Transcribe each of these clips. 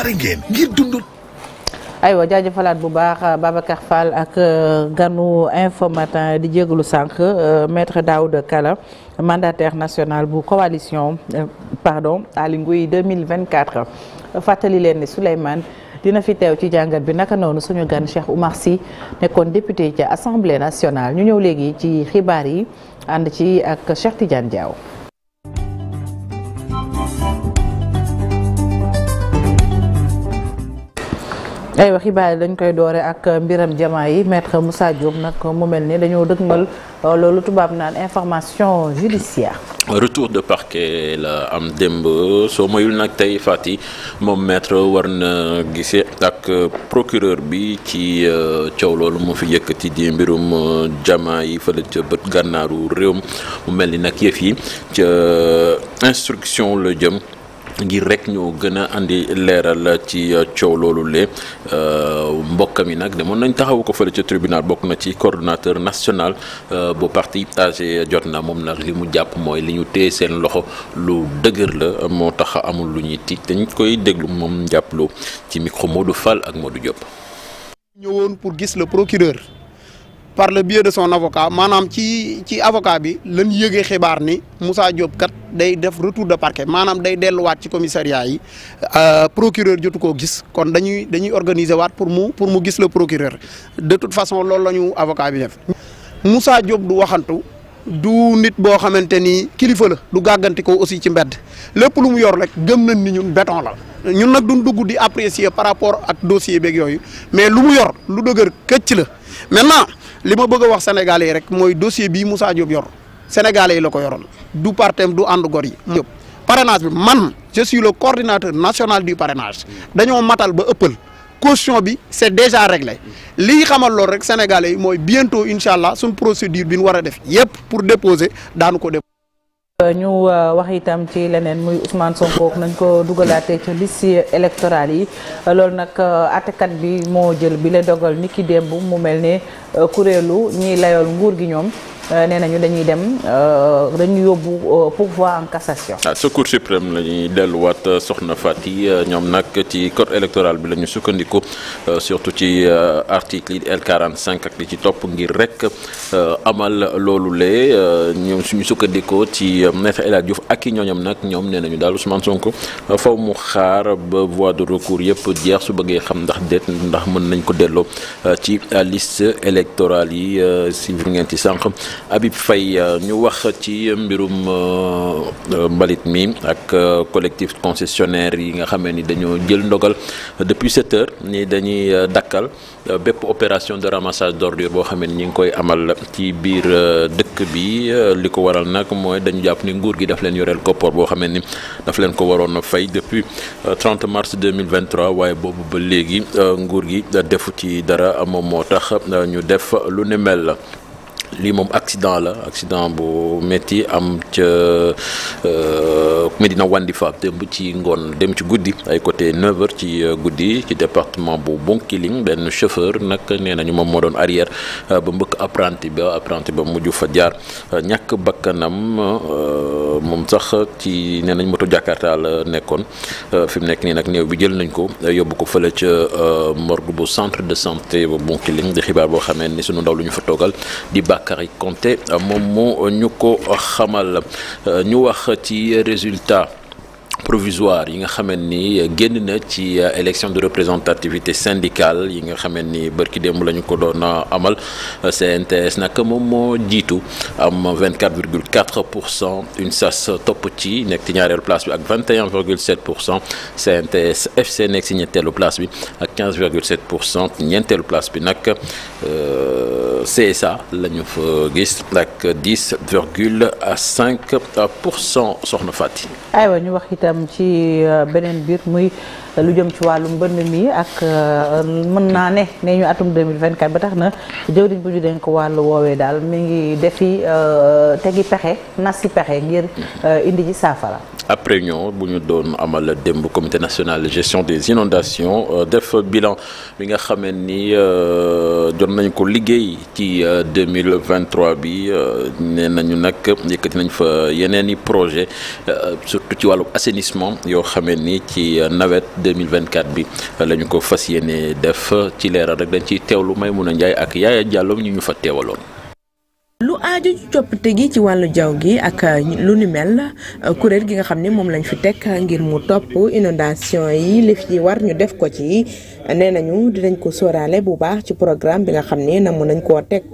pare ngeen ngir jaajëfalaat bu baax euh, Babacar fal ak euh, ganu info di jégalu sànq euh, maître Daouda Kala mandataire national bu coalition pardon Aly Ngouille 2024 fàttali leen ni Souleymane dina fi teew ci jàngat bi naka noonu suñu gan Cheikh Oumar Sy nekkoon député ci assemblée nationale ñu ñëw léegi ci xibaar yi ànd ci ak Cheikh Tidiane Diaw. ay waxi bàyyi dañ koy doore ak mbiram jamaa yi maître Moussa Diop nag mu mel ni dañoo dëgmal euh, loolu tubaab naan information judiciaire retour de parquet la am démb soo mayul nag tey Fati moom metre war na gisee ak procureur bi ci euh, coow loolu mu fi yëkkati di mbirum euh, jamaa yi fële ca bët gànnaaru réew mu mel ni nag yëf yi ca instruction la jëm ngir rek ñoo gën a andi leeral ci euh, coow loolu le euh, mbokk mi nag demoon nañ taxawu ko fële ca tribunal bokk na ci coordonnateur national euh, bu parti AG jot na moom nag li mu jàpp mooy li ñu téye seen loxo lu dëgër la moo tax amul lu ñuy tiit dañ koy déglu moom jàppaloo ci miko micro du fal ak Modou Diop. ñëwoon pour gis le procureur. par le biais de son avocat maanaam ci ci avocat bi lañ yëgee xibaar ni Moussa Diop kat day def retour de parquet maanaam day delluwaat ci commissariat yi euh, procureur jotu koo gis kon dañuy dañuy organiser waat pour mu pour mu gis la procureur de toute façon loolu la ñu avocat bi def. Moussa jóob du waxantu du nit boo xamante ni kilifa la du gàgganti ko aussi ci mbedd lépp lu mu yor rek gëm nañ ni ñun beton la. ñun nag duñ dugg di apprécier par rapport ak dossier beeg yooyu mais lu mu yor lu dëgër këcc la li ma bëgg a wax Sénégalais yi rek mooy dossier bii Moussa Diop yor Sénégalais yi la ko yoroon du partem du ànd gor yi. Diop parrainage bi man je suis le coordinateur national du parrainage dañoo matal ba ëppal costion bi c'est déjà réglé li xamal loolu rek Sénégalais yi mooy bientôt incha allah suñ procédure bi nu war a def yëpp pour déposer daanu ko def. ñu euh, wax itam ci leneen muy Ousmane Sonko nañ ko dugalaatee ci liste électorale yi loolu nag àttekat euh, bi moo jël bi la dogal niki démb mu mel ne euh, kuréelu ñiy layool nguur gi ñoom Euh, nee nañu dañuy dem euh, dañu yóbbu euh, pourvoi en cassation. ah sa cour suprême la ñuy delluwaat soxna Fati ñoom nag ci code électoral bi lañu sukkandiku surtout ci article yi L45 ak li ci topp ngir rek amal loolu lee ñoom suñu sukkandikoo ci maître ak i ñooñam nag ñoom nee nañu daal Ousmane Sonko faw mu xaar ba voie de recours yëpp jeex su bëggee xam ndax déet ndax mën nañ ko delloo ci liste électorale yi si ngeen ti sànq. Habib Faye euh, ñu wax ci mbirum euh, mbalit mi ak euh, collectif concessionnaire yi nga xamee ni dañoo jël ndogal depuis sept heures ni dañuy dakkal bépp opération de ramassage d'ordure boo xamee ni ñu ngi koy amal ci biir dëkk bi li ko waral nag mooy dañu jàpp ni nguur gi daf leen yoreel koppoor boo xamee ni daf leen ko waroon a fay depuis 30 mars 2023 waaye boobu ba léegi nguur gi defu ci dara moom moo tax ñu def lu ne mel la lii moom accident la accident bu metti am ca euh, Medina Wandifa démb ci ngoon dem ci guddi ay côté 9 ci euh, guddi ci département bu Bounkiling benn chauffeur nag nee nañu moom moo doon arrière euh, ba mbëkk apprenti ba apranti ba mujj fa jaar ñàkk bakkanam moom sax ci nee nañ moto Jakarta la nekkoon fi mu nekk nii nag néew bi jël nañ ko yóbbu ko fële ca morgue bu centre de santé bu Bounkiling di xibaar boo xamee ni sunu ndaw lu ñu fa toogal di baax Bakary Konté moom moo ñu ko xamal ñu wax ci résultat provisoire yi nga xamante ni génn na ci élection de représentativité syndicale yi nga xamante ni bërki démb lañu ko doon amal CNTS nag moom moo jiitu am 24 virgule 4 pour cent UNSAS topp ci nekk ci ñaareelu place bi ak 21 virgule pour cent CNTS FC nekk si ñetteelu place bi ak ñeenteelu place bi nag. Euh, CSA la ñu fa gis ak dix virgule cinq pour cent soxna Fatick. aywa ñu wax itam ci euh, beneen biir muy. lu jëm ci wàllu mbënd mi ak euh, mën naa ne nee ñu atum 2024 ba tax na jëwriñ bu ñu ko wàllu woowee daal mi ngi def defi euh, tegi pexe nas si pexe ngir euh, indi ci saafara. ab réunion bu ñu doon amal démb comité national de gestion des inondations def bilan bi nga xamee ni jot nañ ko liggéey ci 2023 bi nee nañu nag yëkkati nañ fa yeneen i projet surtout ci wàllu assainissement yoo xamee ni ci nawet. 2024 bi la ñu ko fas yéene def ci leeral rek dañ may teewlu Maimouna Ndiaye ak Yaaya Diallo ñu ñu fa teewaloon. lu aaju coppite gi ci wàllu jaww gi ak lu ni mel kuréel gi nga xam ni moom lañ fi teg ngir mu topp inondation yi li fi war ñu def ko ci nee nañu dinañ ko sóoraale bu baax ci programme bi nga xam ne namm nañ koo teg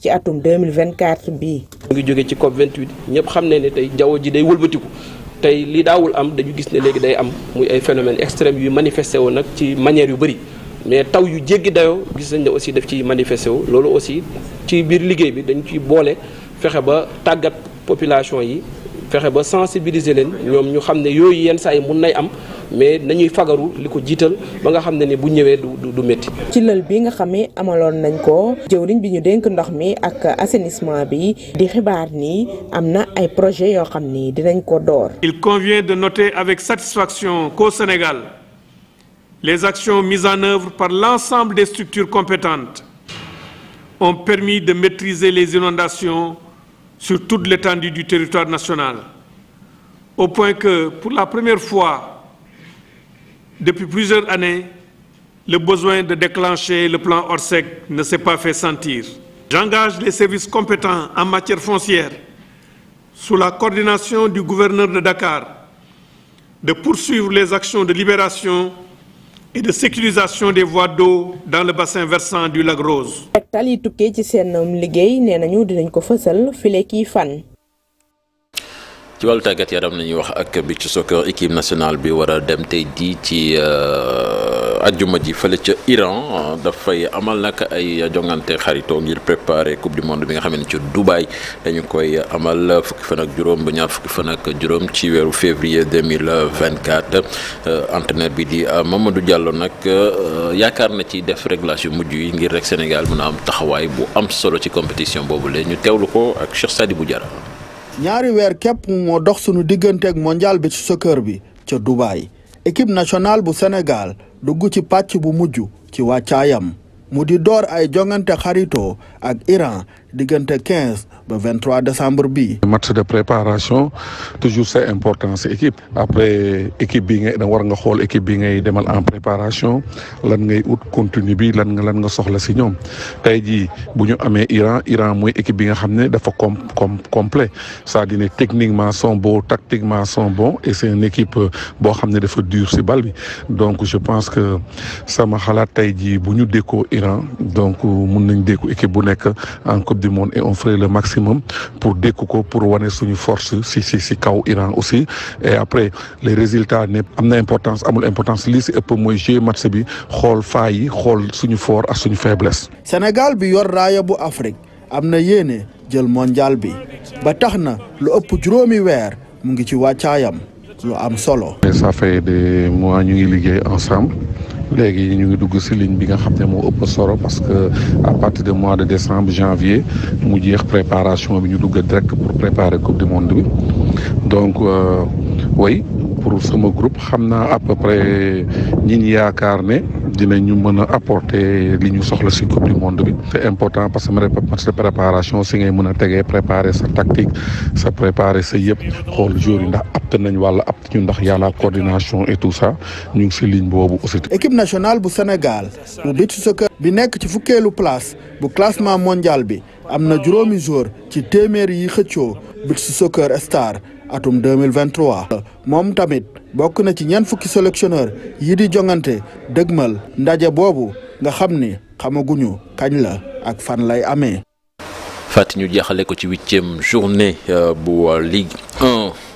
ci atum 2024 bi. mu ngi jóge ci COP 28 ñëpp xam ne ne tey jaww ji day wëlbatiku. tey li daawul am dañu gis ne léegi day am muy ay phénomènes extrêmes yuy manifesté woon nag ci manière yu bëri mais taw yu jéggi dayoo gis nañ ne aussi daf ciy manifesté wu loolu aussi ci biir liggéey bi dañu ciy boole fexe ba tàggat population yi fexe ba sensibiliser leen ñoom ñu xam ne yooyu yenn saa yi mun nay am mais nañuy fagaru li ko jiital ba nga xam ne ni bu ñëwee du du métti. ci lël bi nga xam ne amaloon nañ ko jëwriñ bi ñu dénk ndox mi ak assainissement bi di xibaar nii am na ay projet yoo xam ni dinañ ko door. Il convient de noter avec satisfaction qu'au Sénégal les actions mises en œuvre par l'ensemble des structures compétentes ont permis de maitriser les inondations sur toute l'étendue du territoire national, au point que, pour la première fois Depuis plusieurs années, le besoin de déclencher le plan Orsec ne s'est pas fait sentir. J'engage les services compétents en matière foncière, sous la coordination du gouverneur de Dakar, de poursuivre les actions de libération et de sécurisation des voies d'eau dans le bassin versant du lac Rose. tegtal yi tukkee ci seen liggéey nee nañu dinañ ko fësal file kii fan. ci wàllu tàggat yaram nañuy wax ak ci beach soccer équipe nationale bi war a dem tey jii ci ajjuma euh, ji fële ca Iran dafay amal nag ay jongante xaritoo ngir préparer coupe du monde bi nga xam ne ci Dubaï dañu koy amal fukki fan ak juróom ba ñaar fukki fan ak juróom ci weeru février 2024 euh, entraîneur bi di euh, Mamadou Diallo nag yaakaar na ci def réglage yu mujj yi ngir rek Sénégal mun a am taxawaay bu am solo ci compétition boobu la ñu teewlu ko ak Cheikh Sadibou Diarra ñaari weer képp moo dox sunu diggante ak mondial bi ci soccer bi ca Dubaay équipe nationale bu Sénégal dugg ci pàcc bu mujj ci wàccaayam mu di door ay jongante xarito ak Iran diggante 15 ba 23 décembre bi match de préparation toujours c'est important si équipe après équipe bi ngay da war nga xool équipe bi ngay demal en préparation lan ut continue bi lan nga lan nga soxla si ñoom tey jii bu ñu amee Iran Iran mooy équipe bi nga xam ne dafa com com complet cest à techniquement sont bons tactiquement sont bo et c'est une équipe boo xam ne dafa dur si bal bi donc je pense que sama xalaat tey jii bu Iran donc euh, mun nañ dékku équipe bu nekk en coupe du monde et on ferait le maximum pour dékku ko pour wane suñu force si si kaw Iran aussi et après les résultats ne am na importance amul importance lii si ëpp mooy jouer match bi xool faa yi xool suñu fort ak suñu faiblesse. Sénégal bi yor raaya bu Afrique am na yéene jël mondial bi ba tax na lu ëpp juróomi weer mu ngi ci wàccaayam lu am solo. ça fait des mois ñu ngi liggéey ensemble. léegi ñu ngi dugg si ligne bi nga xam ne moo ëpp solo parce que à partir de mois de décembre janvier mu jeex préparation bi ñu dugg direct pour préparer coupe du monde bi donc way euh, pour sama groupe xam naa à peu près ñi ñu yaakaar ne ñu mën a apporter li ñu soxla si coupe du monde bi. c'est important parce que match de préparation si ngay mën a tegee préparer sa tactique sa préparer sa yëpp xool jour yi ndax apte nañ wala apte ñu ndax yàlla coordination et tout sax ñu ngi si ligne boobu aussi. équipe nationale bu Sénégal bu beach soccer bi nekk ci fukkeelu place bu classement mondial bi am na juróomi jour ci téeméer yi xëccoo beach soccer star. atum 2023 moom tamit bokk na ci ñeent fukki sélectionneur yi di jongante dëgmal ndaje boobu nga xam ni xamaguñu kañ la ak fan lay amee fàtti ñu jeexale ko ci huitième journée euh, bu ligue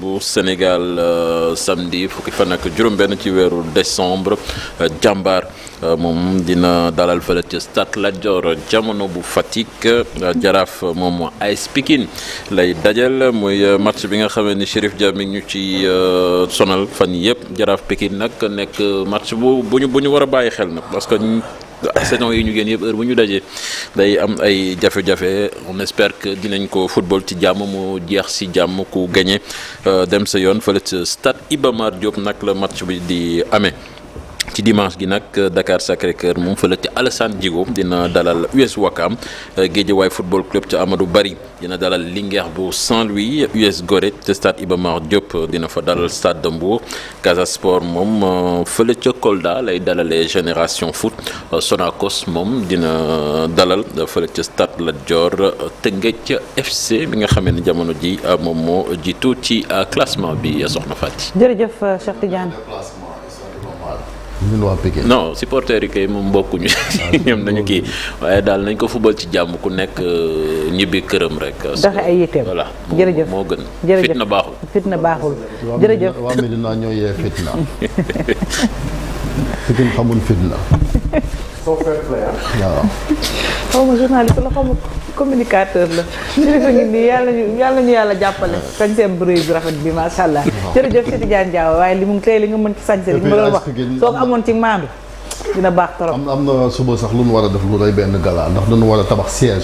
bu Sénégal euh, samedi fukki fan ak juróom-benn ci weeru décembre euh, jàmbar euh, moom dina dalal fële ca Stade Lat jamono bu Fatick jaraaf moom AS Pikine lay dajal muy match bi nga xamee ni Chérif Dia mi ngi ñu ci sonal fan yëpp jaraaf Pikine nag nekk match bu bu ñu bu war a bàyyi xel na parce que. saison yi ñu génn yëpp heure bu ñu dajee day am ay jafe-jafe on espère que dinañ ko football ci jàmm mu jeex si jàmm ku gagné euh, dem sa yoon fële ca stade Iba Mar nag la match bi di amee. ci dimanche gi nag euh, Dakar Sacré-Cœur moom fële ca Alassane Djigo dina dalal US Ouakam euh, Guédiawaye football club ca Amadou bari dina dalal Linguère bu Saint-Louis US Gorée ca stade Iba Mar Diop euh, dina fa dalal stade de Mbour Casa Sport moom fële ca Kolda lay dalalee Génération Foot sonakos moom dina dalal fële ca stade Lat Dior Teungueth FC mi nga xamee ne jamono ji moom moo jiitu ci classement bi soxna Fati. ñun waa Pikine non supporters yi kay moom bokkuñu ah, ñoom nañu kii waaye daal nañ ko football ci jàmm ku nekk euh, ñibbi këram rek. doxe ay yitteem voilà jërëjëf moo gën. jërëjëf fitna baaxul fitna baaxul jërëjëf. waa Medina ñoo fitna. si gën xamul fitna. soo fair play ah. waaw. xaw ma journaliste la xaw ma communicateur la. jërëjëf ngi nii yàlla ñu yàlla jàppale. sañseem bu rëy bi rafet bi macha allah. jërëjëf Sidi Diagne Diaw waaye li mu tey li nga mën ci sañse li nga doon wax soo amoon ci maandu dina baax trop. am na am na suba sax lu nu war a def lu rëy benn gala ndax dañu war a tabax siège